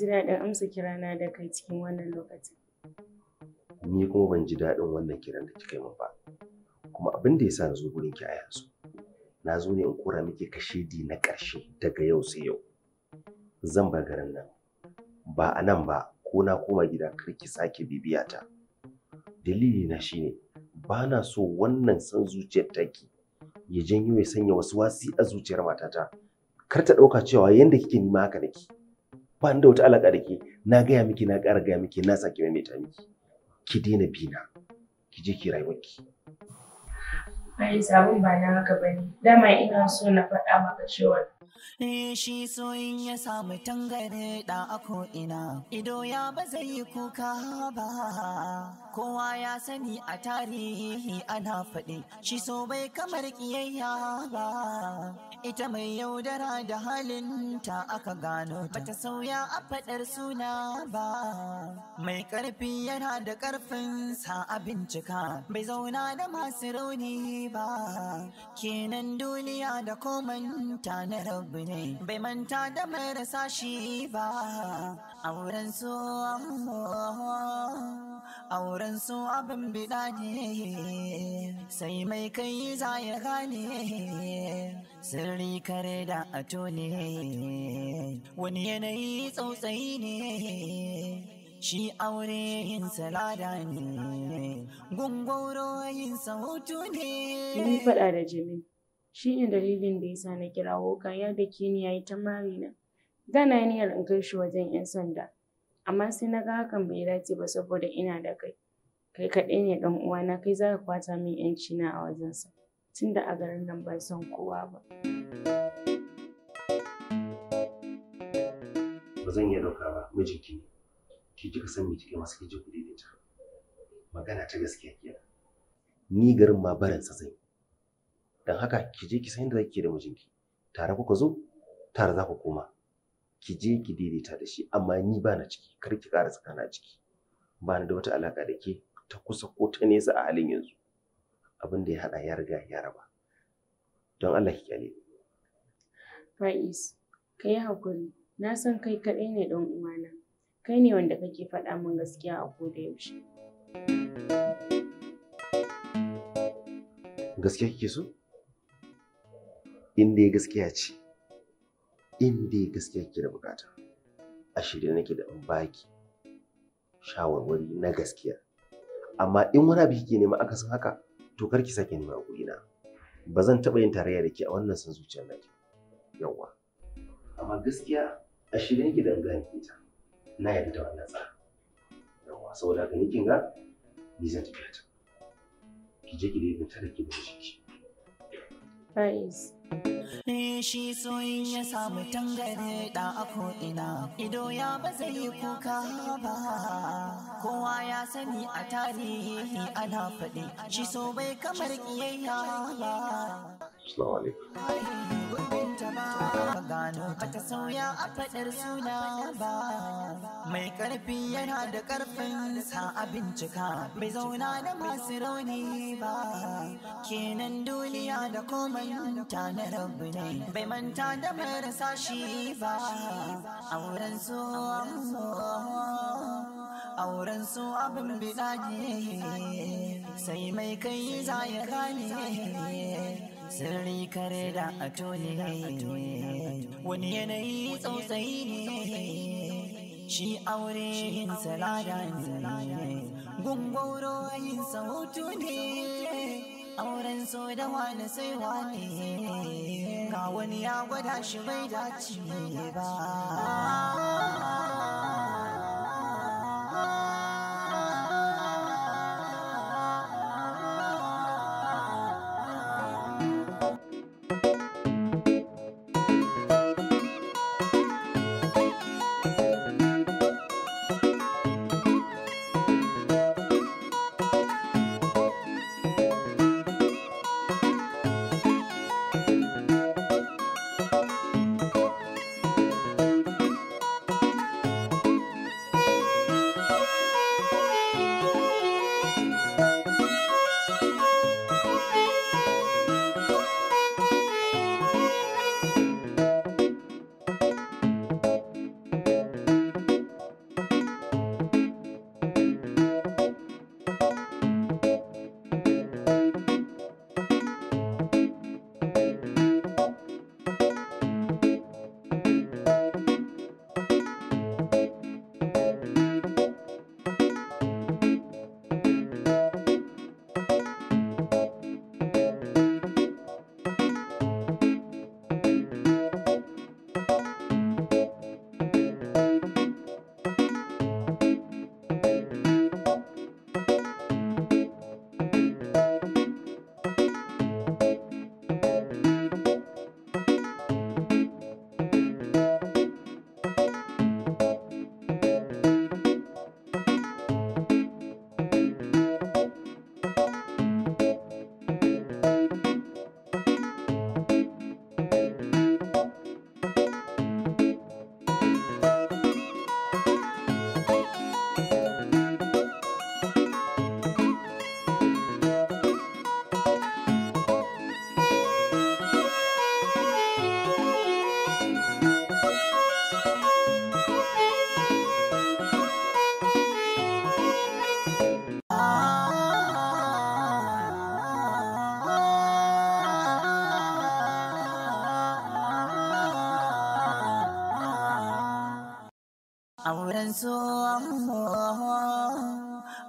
ji daɗin amsa kirana da kai cikin wannan lokacin. Ni kuma ban ji daɗin wannan kiran da kika yi min ba. Kuma abin da ya sa na zo gurin ki a yanzu. Na zo ne in kora miki kashedi na ƙarshe daga yau sai yau. Zan bar garin nan. Ba a nan ba ko na koma gida kar ki sake bibiya ta. Dalili na shine ba na so wannan san zuciyar taki ya janyo ya sanya wasu wasi a zuciyar matata. Kar ta ɗauka cewa yadda kike nima haka nake. ban da wata alaƙa da ke na gaya miki na ƙara gaya miki na sake ta miki ki daina bina ki je ki ki. Ai sabon ba na haka bane dama ina so na faɗa maka cewa shi soyin ya samu tangare da a ko'ina ido ya ba yi kuka ba kowa ya sani a tarihi ana faɗi shi so bai kamar ƙiyayya ba ita mai yaudara da halin ta aka gano ta sauya a faɗar suna ba mai ƙarfi yana da sa a bincika bai zauna da masu rauni ba kenan duniya da komanta na rauni abu bai manta da marasa shi ba auren su auren su abin bida ne sai mai kai za ya gane sirri kare da ato ne wani yanayi tsautsayi ne shi aure yin salada ne gungoro yin sautu ne. Ni faɗa da jini. Shi ne dalilin da ya sa na kirawo ka ya dake ni yi ta marina. Da na yi niyyar in kai shi wajen 'yan sanda, amma sai na ga hakan bai dace ba saboda ina da kai. Kai kaɗai ne ɗan uwana, kai za ka kwata min 'yanci na a wajensa, tunda a garin nan ban san kowa ba. Ba zan iya ɗauka ba, mijinki Ki kika san me kike masa kije ku Magana ta gaskiya kenan. Ni garin ma barinsa sa zai don haka ki je ki san yadda zaki da mijinki tare kuka zo tare za ku koma ki je ki daidaita da shi amma ni ba na ciki kar ki ƙara tsakana a ciki ba ni da wata alaƙa da ke ta kusa ko ta nesa a halin yanzu abin da ya haɗa ya riga ya raba don Allah ki kyale Ra'is kai hakuri na san kai kaɗai ne don uwana kai ne wanda kake faɗa min gaskiya a koda yaushe gaskiya kike so inda gaskiya ce inda dai gaskiya ke da bukata a shirye nake da in baki shawarwari na gaskiya amma in wani abu kike nema aka san haka to kar ki sake nema a na ba zan taɓa yin tarayya da ke a wannan san zuciyar ke yawwa amma gaskiya a shirye nake da in gane ita na yarda da wannan tsara yawwa saboda haka ni ga ni zan tafi ta ki je ki dai ta da ki da shi Nice. shi soyin ya samu tangare da ako ina ido ya ba zai yi kuka ba kowa ya sani a tarihi ana faɗi shi so bai kamar kiyayya ba Assalamu alaikum. mai karfi yana da karfin sa a bincika bai zauna da masu rauni ba kenan duniya da komai ta na rabu ne bai manta da marasa shi ba auren su su abin bida sai mai kai za ya gane sirri kare da a tole wani yanayi tsautsayi ne shi aure yin salada ne gungoro yin sautu ne auren so da wani sai wani ga wani ya gwada shi bai dace ba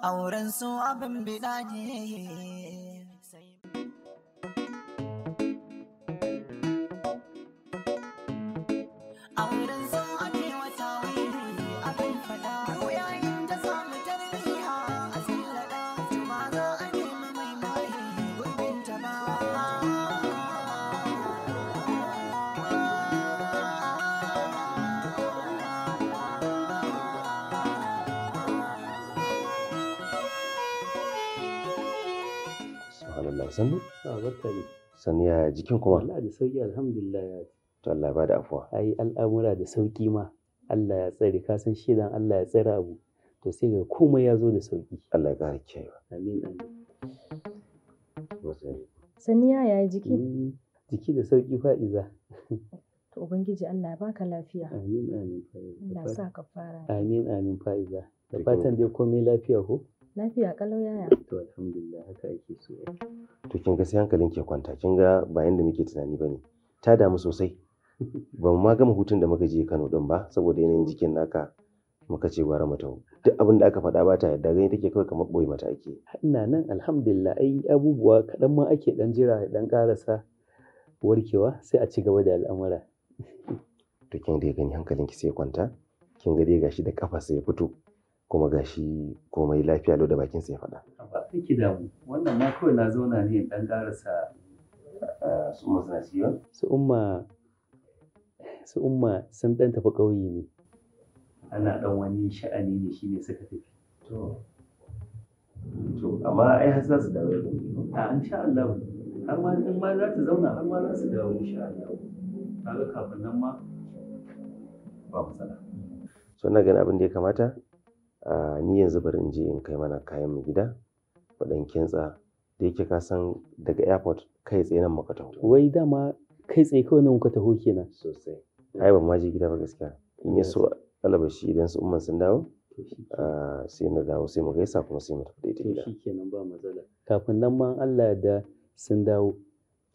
auren su abin bida ne sannu a barka ne sannu ya jikin kuma Allah da sauki alhamdulillah ya to Allah ba da afuwa ai al'amura da sauki ma Allah ya tsare ka san shi dan Allah ya tsare abu to sai ga komai ya zo da sauki Allah ya kare kiyaye amin amin sannu ya yi jiki mm, jiki da sauki fa'iza to ubangiji Allah ya baka lafiya amin amin Allah sa ka fara amin amin fa'iza da fatan dai komai lafiya ko Lafiya kalau yaya. To alhamdulillah haka ake so. To kin ga sai hankalin ke kwanta kin ga ba yanda muke tunani bane. Ta damu sosai. Ba mu ma gama hutun da muka je Kano din ba saboda yanayin jikin naka muka ce gwara mata duk abin da aka faɗa ba ta yadda gani take kawai kamar boye mata ake ina nan alhamdulillah ai abubuwa kaɗan ma ake ɗan jira da ɗan ƙarasa warkewa sai a ci gaba da al'amura to kin dai gani hankalin ki sai kwanta kin ga dai gashi da kafa sai ya fito kuma gashi komai lafiya lau da bakin sai faɗa. Ba da damu wannan ma kawai na zauna ne dan ƙarasa su masana Su umma su umma sun dan tafi ƙauye ne. Ana dan wani sha'ani ne shi ne suka tafi. To to amma ai har za su dawo da A insha Allah har ma in ma za ta zauna har ma za su dawo insha Allah. Kaga kafin nan ma ba matsala. So na gani abin da ya kamata ni yanzu bari in je in kai mana kayan mu gida mu ɗan kintsa da yake ka san daga airport kai tsaye nan muka taho wai dama kai tsaye kawai nan muka taho kenan sosai ai ban ma je gida ba gaskiya in ya so alabashi idan su umman sun dawo sai na dawo sai mu gaisa kuma sai mu tafi da ita gida kafin nan ma Allah ya da sun dawo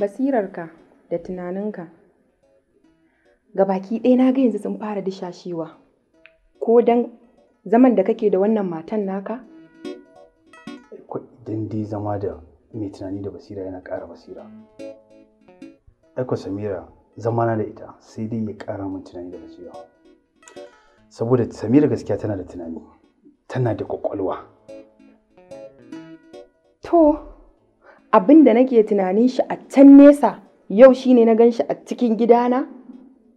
Basirarka da tunaninka baki ɗaya na ga yanzu sun fara dishashewa ko dan zaman da kake da wannan matan naka? Idan dai zama da mai tunani da basira yana ƙara basira. Aiko Samira na da ita sai dai ya ƙara min tunani da basira. Saboda Samira gaskiya tana da tunani, tana da ƙwaƙwalwa. to abin da nake tunanin shi a can nesa yau shine na gan shi a cikin gidana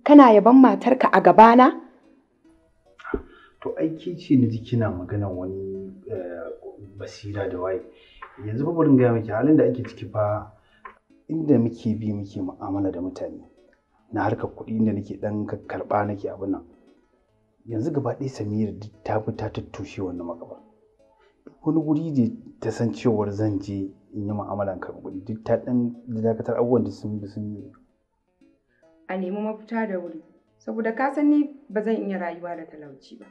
kana yaban matarka a gabana to aiki ce na ji kina magana wani eh, basira da waye yanzu ba burin gaya miki halin da ake ciki fa inda muke bi muke mu'amala da mutane na harkar kuɗi inda nake ɗan karɓa nake abin nan yanzu gaba ɗaya samira ta fi ta tattushe wannan makabar wani guri ne ta san cewar zan je in yi mu'amalan karɓar kuɗi duk ta ɗan dakatar abubuwan da sun bi sun yi. A nemi mafita da wuri saboda ka san ni ba zan iya rayuwa da talauci ba.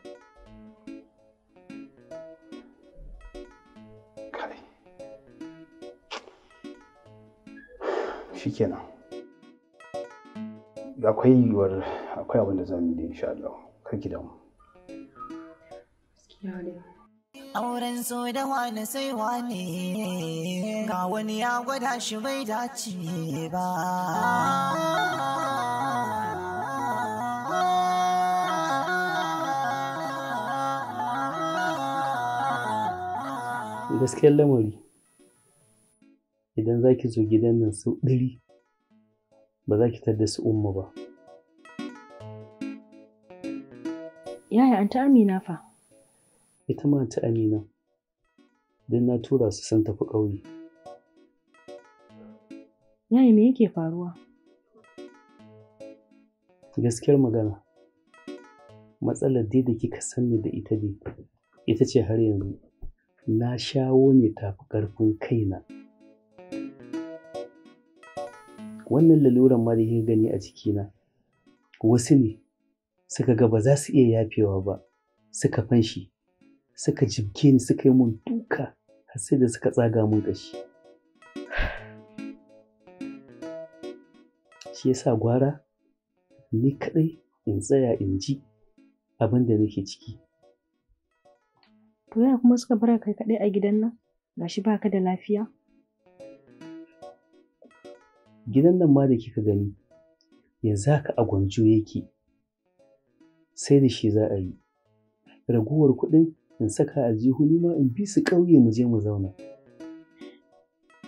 shikenan akwai yiwuwar akwai abin da zan yi insha Allah kar ki damu ne auren so da wani sai wani ga wani ya gwada shi bai dace ba gaskiyar lamari idan za ki zo gidan nan sau ɗari ba za ki da su umma ba yaya an ta amina fa ita ma ta amina don na tura su san tafi ƙauye. Yaya me yake faruwa? Gaskiyar magana, matsalar dai da kika sani da ita ne, ita ce har yanzu, na shawo ne tafi ƙarfin kaina. Wannan laluran ma da kika gani a cikina, wasu ne suka ga ba za su iya yafewa ba, suka fanshi suka jibke ni suka yi mun duka har sai da suka tsaga mun kashi shi yasa gwara ni kaɗai in tsaya in ji abin da nake ciki to ya kuma suka baraka kai kadai a gidan nan gashi baka da lafiya gidan nan ma da kika gani yanzu haka a gwanjo yake sai da shi za a yi raguwar kuɗin in saka aljihu ni ma in bi su ƙauye mu je mu zauna.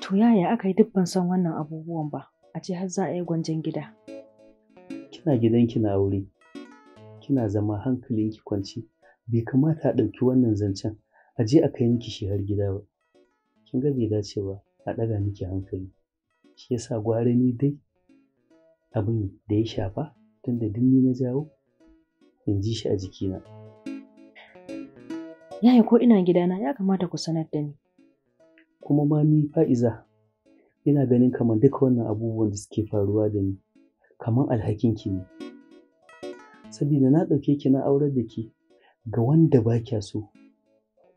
To yaya aka yi duk ban san wannan abubuwan ba, a ce har za a yi gwanjan gida. Kina gidan na aure, kina zama hankalinki kwanci, bai kamata a ɗauki wannan zancen a je a kai miki shi har gida ba. Kin ga bai dace ba a ɗaga miki hankali. Shi yasa gware ni dai abin da ya shafa tunda duk na jawo in ji shi a jikina. Yaya ko ina gidana ya kamata ku sanar da ni. Kuma ma ni fa'iza ina ganin kamar duka wannan abubuwan da suke faruwa da ni kamar alhakin ki ne. Sabida na ɗauke ki na aurar da ki ga wanda ba kya so.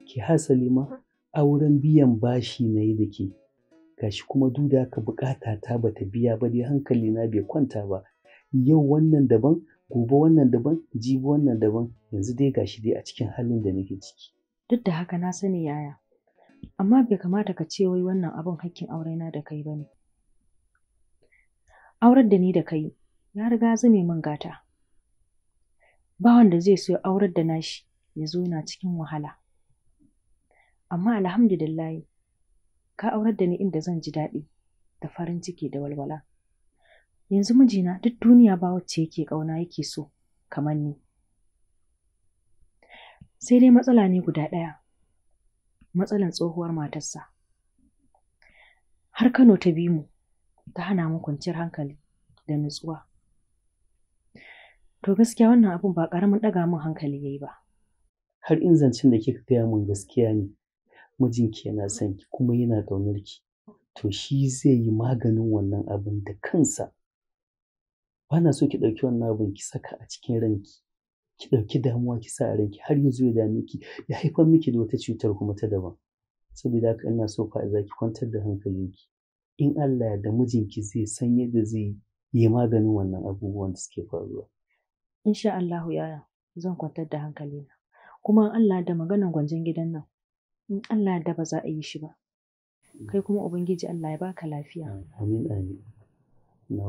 Ki hasali ma auren biyan bashi na yi da ke. Gashi kuma duda ka bukata ta bata biya ba dai hankali na bai kwanta ba. Yau wannan daban gobe wannan daban jibi wannan daban yanzu dai ga shi dai a cikin halin da nake ciki duk da haka na sani yaya amma bai kamata ka ce wai wannan abin hakkin na da kai bane Auren da ni da kai ya riga zame min gata ba wanda zai so aurar da nashi ya zo yana cikin wahala amma alhamdulillah ka aurar da ni inda zan ji daɗi da farin ciki da walwala yanzu mijina duk duniya ba wacce yake ƙauna yake so kamar ni sai dai matsala ne guda ɗaya matsalan tsohuwar matarsa har kano ta bi mu ta hana mu kwanciyar hankali da nutsuwa to gaskiya wannan abin ba ƙaramin ɗaga mun hankali yayi ba har in zancen da kika gaya min gaskiya ne mijinki yana son ki kuma yana ƙaunar ki to shi zai yi maganin wannan abin da kansa ba na so ki ɗauki wannan abin ki saka a cikin ranki ki ɗauki damuwa ki sa a ranki har yanzu ya dame ki ya haifar miki da wata cutar kuma ta daban saboda haka ina so fa za ki kwantar da hankalinki in Allah ya da mijinki zai san yadda zai yi maganin wannan abubuwan da suke faruwa insha Allah yaya zan kwantar da hankalina kuma Allah da maganar gwanjan gidan nan in Allah da ba za a yi shi ba kai kuma ubangiji Allah ya baka lafiya amin amin na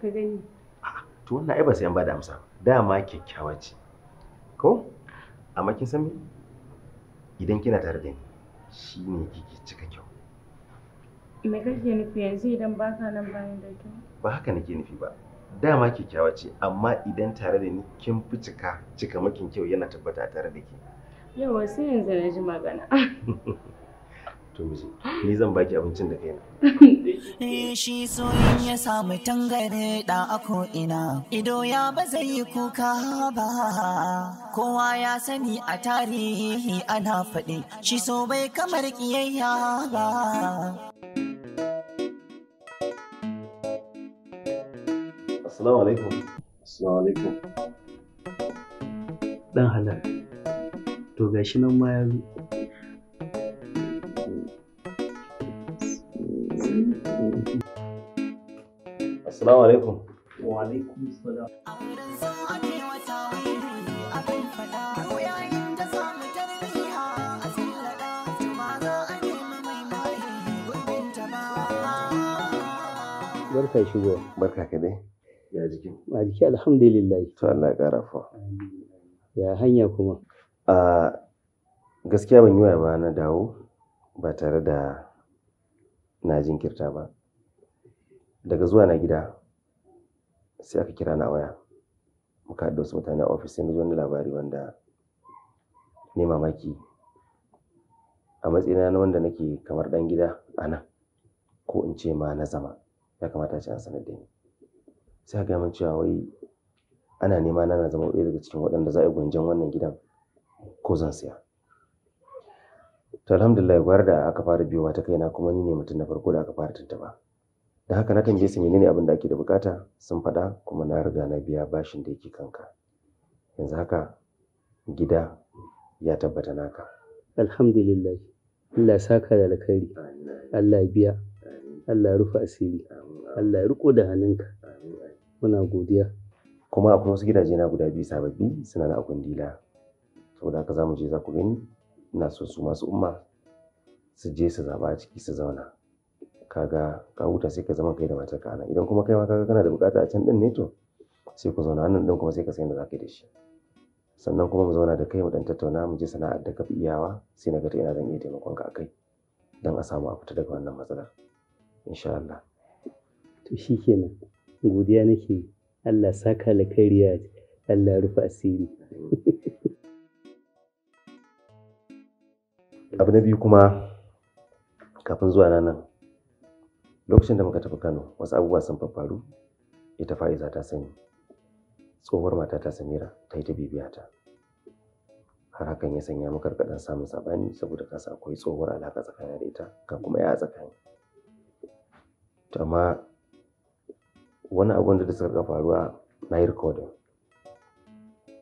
ka gani to wannan ai ba sai an bada amsa dama kyakkyawa ce ko amma kin san me idan kina tare da ni shine kike cika kyau me kake nufi yanzu idan ka nan bayan da kyau ba haka nake nufi ba dama kyakkyawa ce amma idan tare da ni kin fi cika cika makin kyau yana tabbata tare da ke yawa sai yanzu na ji magana to miji ni zan baki abincin da kaina shi soyin ya samu tangare da ako ina ido ya ba zai yi kuka ba kowa ya sani a tarihi ana faɗi shi so bai kamar kiyayya ba Assalamu alaikum. Assalamu alaikum. Dan halar, to gashi nan ma ya Assalamu alaikum. Wa alaikum salam. Barka shigo. Barka ka dai. Ya jiki. A jiki alhamdulillah. To Allah ƙara fa. Ya hanya kuma. A gaskiya ban yi wa ba na dawo ba tare da na jinkirta ba. daga zuwa na gida sai aka kira na waya muka haɗu wasu mutane a ofis sai labari wanda ne mamaki a matsayina na wanda nake kamar 'dan gida a nan ko in ce ma na zama ya kamata ce an sanar da ni sai aka min cewa wai ana nema na zama ɗaya daga cikin waɗanda za a yi gwanjan wannan gidan ko zan siya to alhamdulillah gwar da aka fara biyowa ta kaina kuma ni ne mutum na farko da aka fara tuntuɓa da haka na tambaye su menene abin da ake da bukata sun faɗa kuma na riga na biya bashin da yake kanka yanzu haka gida ya tabbata naka alhamdulillah Allah ya saka da alkhairi Allah biya Allah ya rufe asiri Allah ya riko da hannunka muna godiya kuma akwai wasu gidaje na guda biyu sababbi suna na akun dila saboda haka za mu je za ku gani ina so su masu umma su je su zaba a ciki su zauna kaga ka huta sai ka zama kai da matar kana idan kuma kai ma kaga kana da bukata a can din ne to sai ku zauna nan din kuma sai ka san yadda zaka yi da shi sannan kuma mu zauna da kai mu dan tattauna mu je sana'ar da ka fi iyawa sai na ga ta ina zan iya taimakon ka akai dan a samu a fita daga wannan matsalar insha Allah to shikenan godiya nake Allah saka alkhairiya Allah rufe asiri abu na biyu kuma kafin zuwa nan lokacin da muka tafi kano wasu abubuwa sun faru ita fa'iza ta sani tsohuwar mata ta samira ta yi ta bibiya ta har hakan ya sanya muka kaɗan samun sabani saboda kasa akwai tsohuwar alaƙa tsakanin da ita ka kuma ya tsakani to amma wani abu da suka ga faruwa na yi rikodin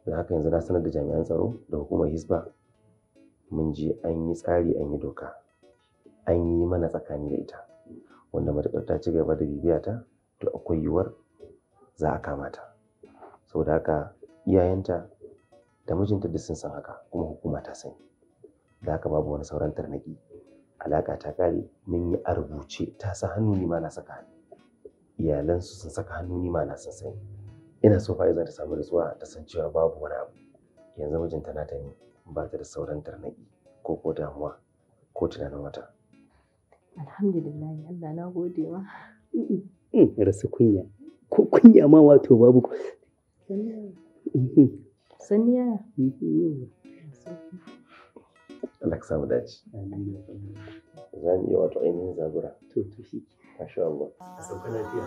da haka yanzu na sanar da jami'an tsaro da hukumar hisba mun je an yi tsari an yi doka an yi mana tsakani da ita wanda matuƙar ta ci gaba da ta to akwai yiwuwar za a kama ta saboda haka iyayenta da mijinta duk sun san haka kuma hukuma ta sani da haka babu wani sauran tarnaki alaƙa ta ƙare mun yi a rubuce ta sa hannu ni ma na saka hannu iyalansu sun saka hannu ni ma na san sani ina so fa'iza ta samu nutsuwa ta san cewa babu wani abu yanzu mijinta na ta ne ba ta da sauran tarnaki ko ko damuwa ko tunanin wata Alhamdulillah Allah na gode ma. Mm, Rasu kunya. Ko kunya ma wato babu. Sanya. Mm-hmm. Mm-hmm. Allah ka samu dace. Za mu iya wato ainihin zagura. To to shi. Masha Allah. A lafiya.